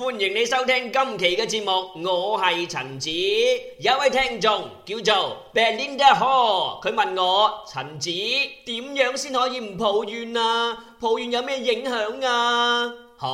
歡迎你收聽今期嘅節目，我係陳子，有位聽眾叫做 Belinda Ho，佢問我陳子點樣先可以唔抱怨啊？抱怨有咩影響啊？吓，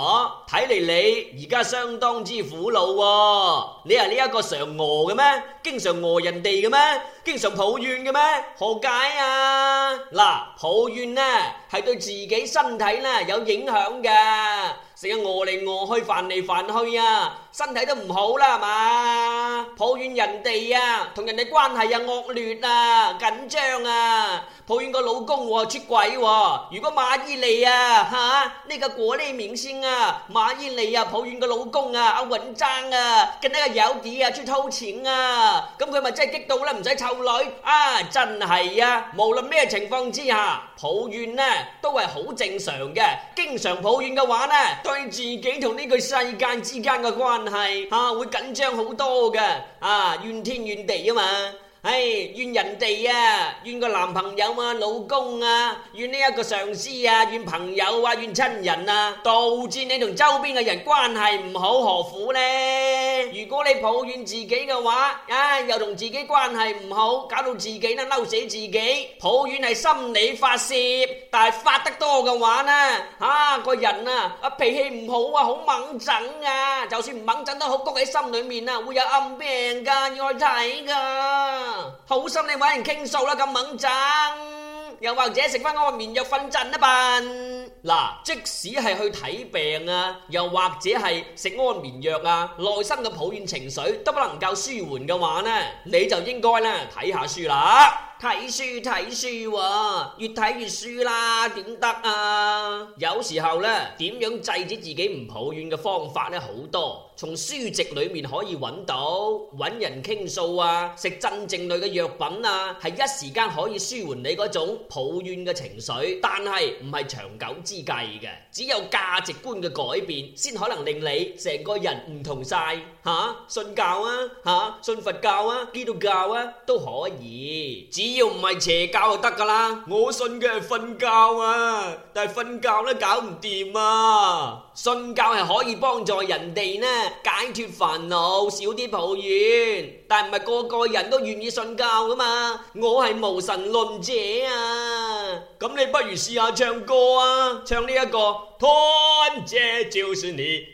睇嚟你而家相當之苦惱喎、哦，你係呢一個常餓嘅咩？經常餓人哋嘅咩？經常抱怨嘅咩？何解啊？嗱，抱怨呢係對自己身體呢有影響噶。成日餓嚟餓去，煩嚟煩去啊！身體都唔好啦，嘛？抱怨人哋啊，同人哋關係又、啊、惡劣啊，緊張啊！抱怨個老公喎、啊、出軌喎、啊。如果馬伊琍啊吓呢、啊這個國內明星啊，馬伊琍啊抱怨個老公啊阿文章啊，跟呢個友弟啊出偷錢啊，咁佢咪真係激到啦？唔使湊女啊，真係啊！無論咩情況之下。抱怨呢都係好正常嘅，經常抱怨嘅話呢，對自己同呢個世界之間嘅關係啊，會緊張好多嘅啊，怨天怨地啊嘛。唉、哎，怨人哋啊，怨個男朋友啊、老公啊，怨呢一個上司啊，怨朋友啊，怨親人啊，導致你同周邊嘅人關係唔好，何苦呢？如果你抱怨自己嘅話，唉、啊，又同自己關係唔好，搞到自己咧嬲死自己。抱怨係心理發洩，但係發得多嘅話呢，吓、啊，個人啊，啊脾氣唔好啊，好孟憎啊，就算唔孟憎都好，谷喺心裏面啊，會有暗病噶，要去睇噶。好心你揾人傾訴啦，咁掹憎，又或者食翻安眠藥瞓陣啦吧。嗱，即使係去睇病啊，又或者係食安眠藥啊，內心嘅抱怨情緒都不能夠舒緩嘅話呢，你就應該呢睇下書啦。睇書睇書喎，啊，越睇越輸啦，點得啊？有時候呢，點樣制止自己唔抱怨嘅方法呢？好多，從書籍裏面可以揾到，揾人傾訴啊，食鎮靜類嘅藥品啊，係一時間可以舒緩你嗰種抱怨嘅情緒，但係唔係長久之計嘅，只有價值觀嘅改變，先可能令你成個人唔同晒。吓、啊，信教啊，吓、啊，信佛教啊，基督教啊，都可以，只要唔係邪教就得噶啦。我信嘅係瞓覺啊，但係瞓覺咧搞唔掂啊。信教係可以幫助人哋呢解脫煩惱，少啲抱怨，但係唔係個個人都願意信教噶嘛。我係無神論者啊，咁、啊、你不如試下唱歌啊，唱呢、這、一個團結，就是力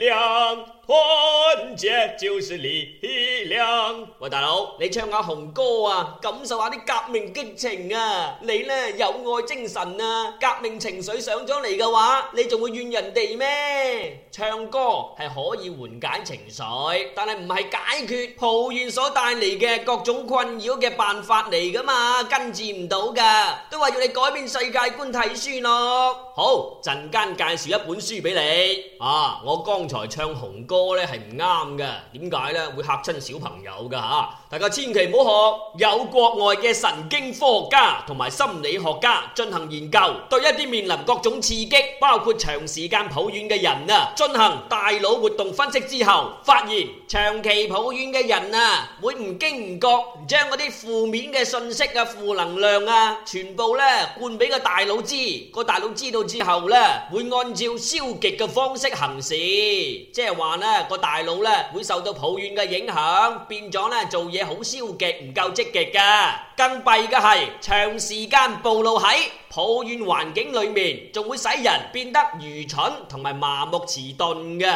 量。看，這就是力量。喂，大佬，你唱下紅歌啊，感受下啲革命激情啊！你咧有愛精神啊，革命情緒上咗嚟嘅話，你仲會怨人哋咩？唱歌係可以緩解情緒，但係唔係解決抱怨所帶嚟嘅各種困擾嘅辦法嚟噶嘛，根治唔到噶。都話要你改變世界觀睇書咯。好，陣間介紹一本書俾你啊，我剛才唱紅歌。多咧係唔啱嘅，點解咧？會嚇親小朋友噶吓。大家千祈唔好學，有國外嘅神經科學家同埋心理學家進行研究，對一啲面臨各種刺激，包括長時間抱怨嘅人啊，進行大腦活動分析之後，發現長期抱怨嘅人啊，會唔經唔覺將嗰啲負面嘅信息啊、負能量啊，全部咧灌俾個大腦知，個大腦知道之後咧，會按照消極嘅方式行事，即係話咧個大腦咧會受到抱怨嘅影響，變咗咧做嘢。嘢好消極，唔夠積極噶。更弊嘅係，長時間暴露喺抱怨環境裏面，仲會使人變得愚蠢同埋麻木遲鈍嘅。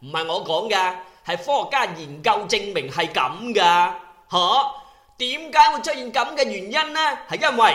唔係我講嘅，係科學家研究證明係咁噶。嗬，點解會出現咁嘅原因呢？係因為。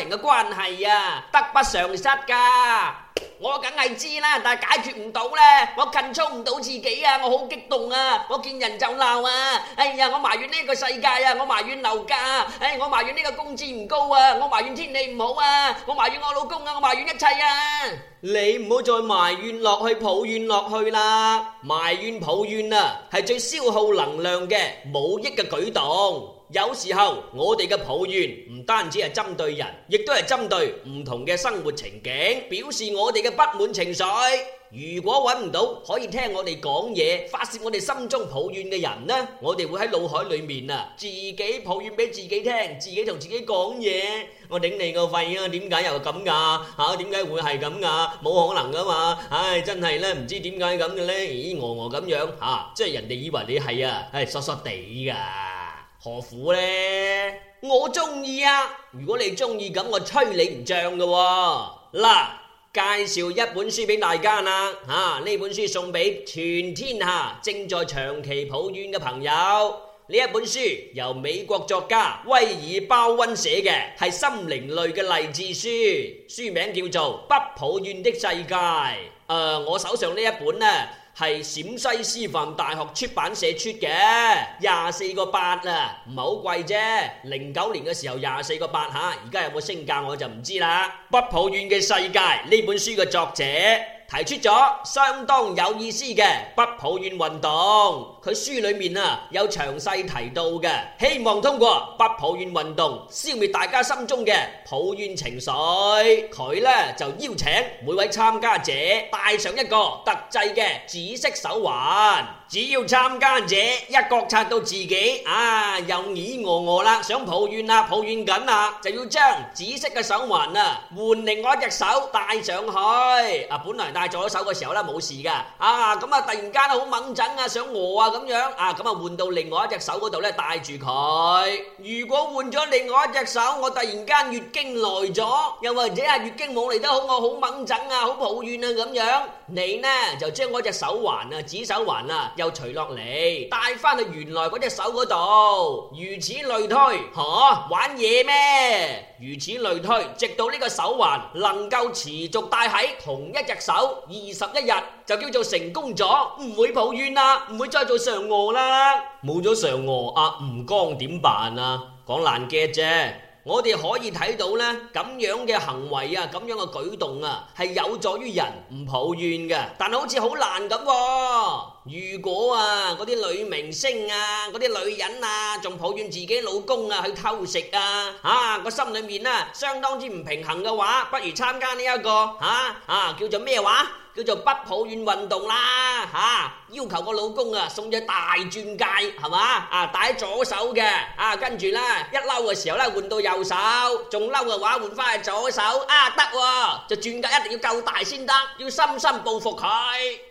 人嘅關係啊，得不償失噶。我梗係知啦，但係解決唔到咧，我控制唔到自己啊，我好激動啊，我見人就鬧啊。哎呀，我埋怨呢個世界啊，我埋怨樓價，哎，我埋怨呢個工資唔高啊，我埋怨天氣唔好啊，我埋怨我老公啊，我埋怨一切啊。你唔好再埋怨落去，抱怨落去啦，埋怨抱怨啊，係最消耗能量嘅，冇益嘅舉動。有時候我哋嘅抱怨唔單止係針對人，亦都係針對唔同嘅生活情景，表示我哋嘅不滿情緒。如果揾唔到可以聽我哋講嘢、發洩我哋心中抱怨嘅人呢，我哋會喺腦海裏面啊，自己抱怨俾自己聽，自己同自己講嘢。我頂你個肺啊！點解又咁噶、啊？吓、啊，點解會係咁噶？冇可能噶嘛！唉、哎，真係呢，唔知點解咁嘅呢，呆呆咁樣吓、啊，即係人哋以為你係啊，唉、哎，傻傻地噶。何苦呢？我中意啊！如果你中意咁，我吹你唔脹噶。嗱，介紹一本書俾大家啦，吓、啊、呢本書送俾全天下正在長期抱怨嘅朋友。呢一本書由美國作家威爾包溫寫嘅，係心靈類嘅勵志書，書名叫做《不抱怨的世界》。誒、呃，我手上呢一本呢、啊。係陝西師範大學出版社出嘅，廿四個八啊，唔係好貴啫。零九年嘅時候廿四個八吓，而家有冇升價我就唔知啦。不抱怨嘅世界呢本書嘅作者提出咗相當有意思嘅不抱怨運動，佢書裏面啊有詳細提到嘅，希望通過不抱怨運動消滅大家心中嘅。抱怨情緒，佢呢就邀請每位參加者帶上一個特製嘅紫色手環。只要參加者一覺察到自己啊又耳餓餓啦，想抱怨啊抱怨緊啊，就要將紫色嘅手環啊換另外一隻手戴上去。啊，本嚟戴左手嘅時候呢冇事噶，啊咁啊突然間好猛陣啊想餓啊咁樣啊，樣啊咁啊換到另外一隻手嗰度呢，戴住佢。如果換咗另外一隻手，我突然間越驚。經來咗，又或者啊月經冇嚟都好，我好猛震啊，好抱怨啊咁樣。你呢就將嗰隻手環啊，紙手環啊，又除落嚟，帶翻去原來嗰隻手嗰度。如此類推，嗬，玩嘢咩？如此類推，直到呢個手環能夠持續戴喺同一隻手二十一日，就叫做成功咗，唔會抱怨啦，唔會再做嫦娥啦。冇咗嫦娥啊，吳剛點辦啊？講爛嘅啫。我哋可以睇到呢，咁樣嘅行為啊，咁樣嘅舉動啊，係有助於人唔抱怨嘅。但係好似好難咁。如果啊，嗰啲女明星啊，嗰啲女人啊，仲抱怨自己老公啊去偷食啊，啊，個心裏面啊相當之唔平衡嘅話，不如參加呢一個吓、啊、叫做咩話？叫做不抱怨運動啦吓、啊，要求個老公啊送隻大鑽戒係嘛？啊，戴喺左手嘅啊，跟住啦，一嬲嘅時候啦換到右手，仲嬲嘅話換翻去左手啊得喎、啊，就鑽戒一定要夠大先得，要深深報復佢。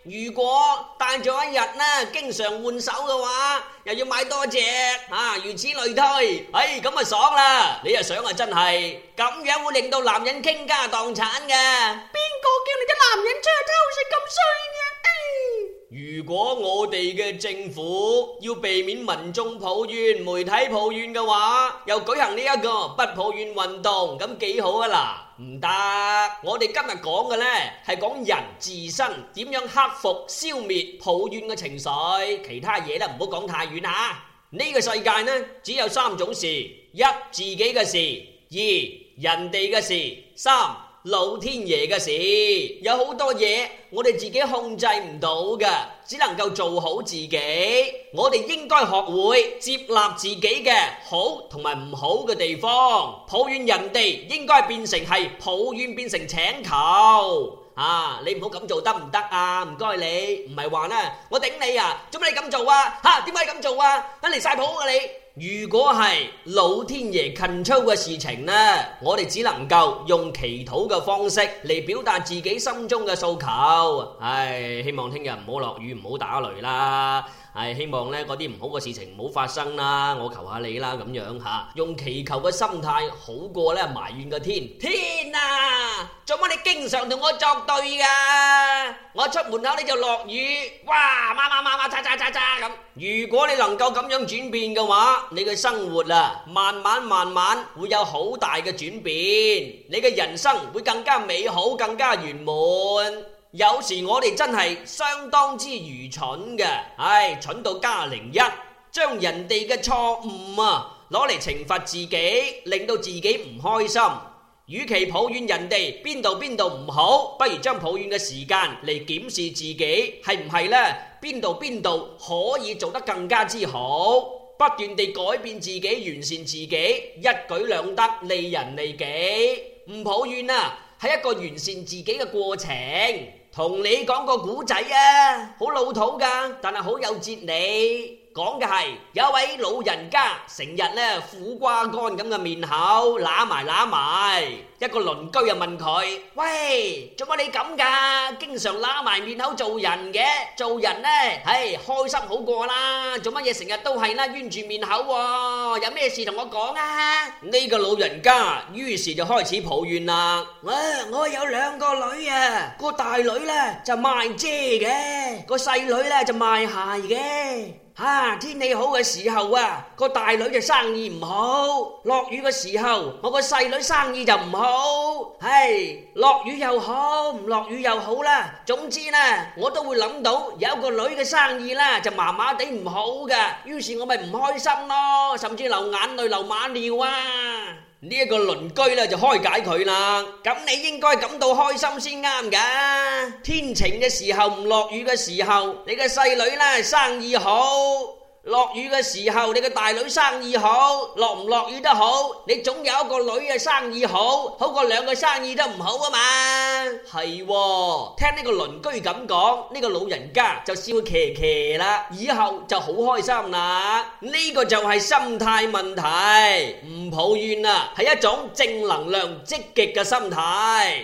如果戴咗一日呢、啊，經常換手嘅話，又要買多隻啊，如此類推，唉、哎，咁啊爽啦，你啊想啊真係咁樣會令到男人傾家蕩產嘅。如果我哋嘅政府要避免民眾抱怨、媒體抱怨嘅話，又舉行呢一個不抱怨運動，咁幾好啊喇？唔得，我哋今日講嘅呢，係講人自身點樣克服、消滅抱怨嘅情緒，其他嘢都唔好講太遠吓。呢個世界呢，只有三種事：一自己嘅事，二人哋嘅事，三。老天爺嘅事，有好多嘢我哋自己控制唔到嘅，只能夠做好自己。我哋應該學會接納自己嘅好同埋唔好嘅地方。抱怨人哋應該變成係抱怨，變成請求。啊，你唔好咁做得唔得啊？唔該你，唔係話啦，我頂你啊！做乜你咁做啊？吓，點解你咁做啊？啊，離晒譜啊你！如果係老天爺近操嘅事情呢，我哋只能夠用祈禱嘅方式嚟表達自己心中嘅訴求。唉，希望聽日唔好落雨，唔好打雷啦。係希望呢嗰啲，唔好嘅事情唔好發生啦，我求下你啦咁樣吓，用祈求嘅心態好過咧埋怨個天天啦，啊。做乜你經常同我作對噶，啊？我出門口你就落雨，哇，麻麻麻麻，叉叉叉叉咁。如果你能夠咁樣轉變嘅話，你嘅生活啊，慢慢慢慢會有好大嘅轉變，你嘅人生會更加美好，更加圓滿。有時我哋真係相當之愚蠢嘅，唉，蠢到加零一，將人哋嘅錯誤啊，攞嚟懲罰自己，令到自己唔開心。與其抱怨人哋邊度邊度唔好，不如將抱怨嘅時間嚟檢視自己，係唔係呢？邊度邊度可以做得更加之好，不斷地改變自己，完善自己，一舉兩得，利人利己。唔抱怨啊，係一個完善自己嘅過程。同你講個古仔啊，好老土噶，但係好有哲理。講嘅係有位老人家成日咧苦瓜乾咁嘅面口揦埋揦埋，一個鄰居又問佢：喂，做乜你咁㗎？經常揦埋面口做人嘅，做人咧，唉，開心好過啦。做乜嘢成日都係啦，冤住面口，啊？有咩事同我講啊？呢個老人家於是就開始抱怨啦，喂：我我有兩個女啊，個大女咧就賣遮嘅，個細女咧就賣鞋嘅。啊，天氣好嘅時候啊，個大女就生意唔好；落雨嘅時候，我個細女生意就唔好。唉，落雨又好，唔落雨又好啦。總之呢，我都會諗到有一個女嘅生意啦，就麻麻地唔好嘅。於是我咪唔開心咯，甚至流眼淚、流馬尿啊！呢一個鄰居咧就開解佢啦，咁你應該感到開心先啱㗎。天晴嘅時候，唔落雨嘅時候，你嘅細女咧生意好。落雨嘅時候，你個大女生意好，落唔落雨都好，你總有一個女嘅生意好，好過兩個生意都唔好啊嘛。係、哦，聽呢個鄰居咁講，呢、這個老人家就笑騎騎啦，以後就好開心啦。呢、這個就係心態問題，唔抱怨啦、啊，係一種正能量、積極嘅心態。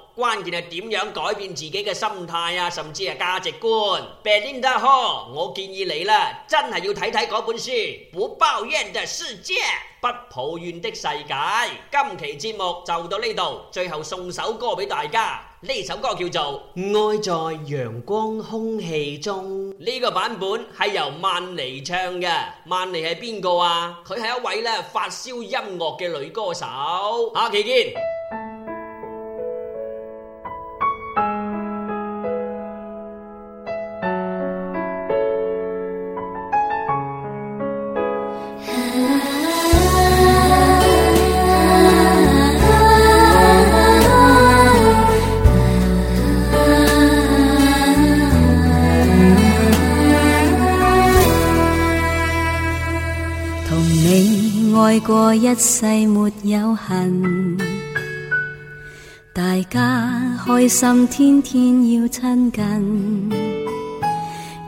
關鍵係點樣改變自己嘅心態啊，甚至係價值觀。Belinda Ho，我建議你啦，真係要睇睇嗰本書《不抱怨的世界》。不抱怨的世界。今期節目就到呢度，最後送首歌俾大家。呢首歌叫做《愛在陽光空氣中》。呢個版本係由萬妮唱嘅。萬妮係邊個啊？佢係一位咧發燒音樂嘅女歌手。下期見。過一世沒有恨，大家開心天天要親近。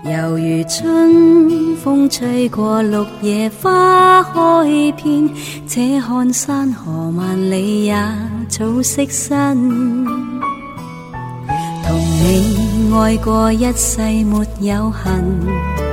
猶如春風吹過綠野花開遍，且看山河萬里也草色新，同你愛過一世沒有恨。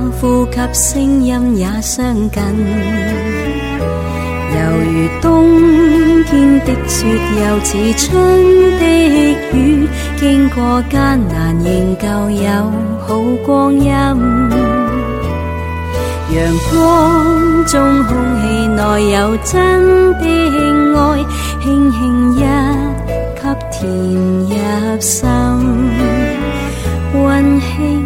呼吸聲音也相近，猶如冬天的雪，又似春的雨。經過艱難研究，仍舊有好光陰。陽光中，空氣內有真的愛，輕輕一吸，甜入心，温馨。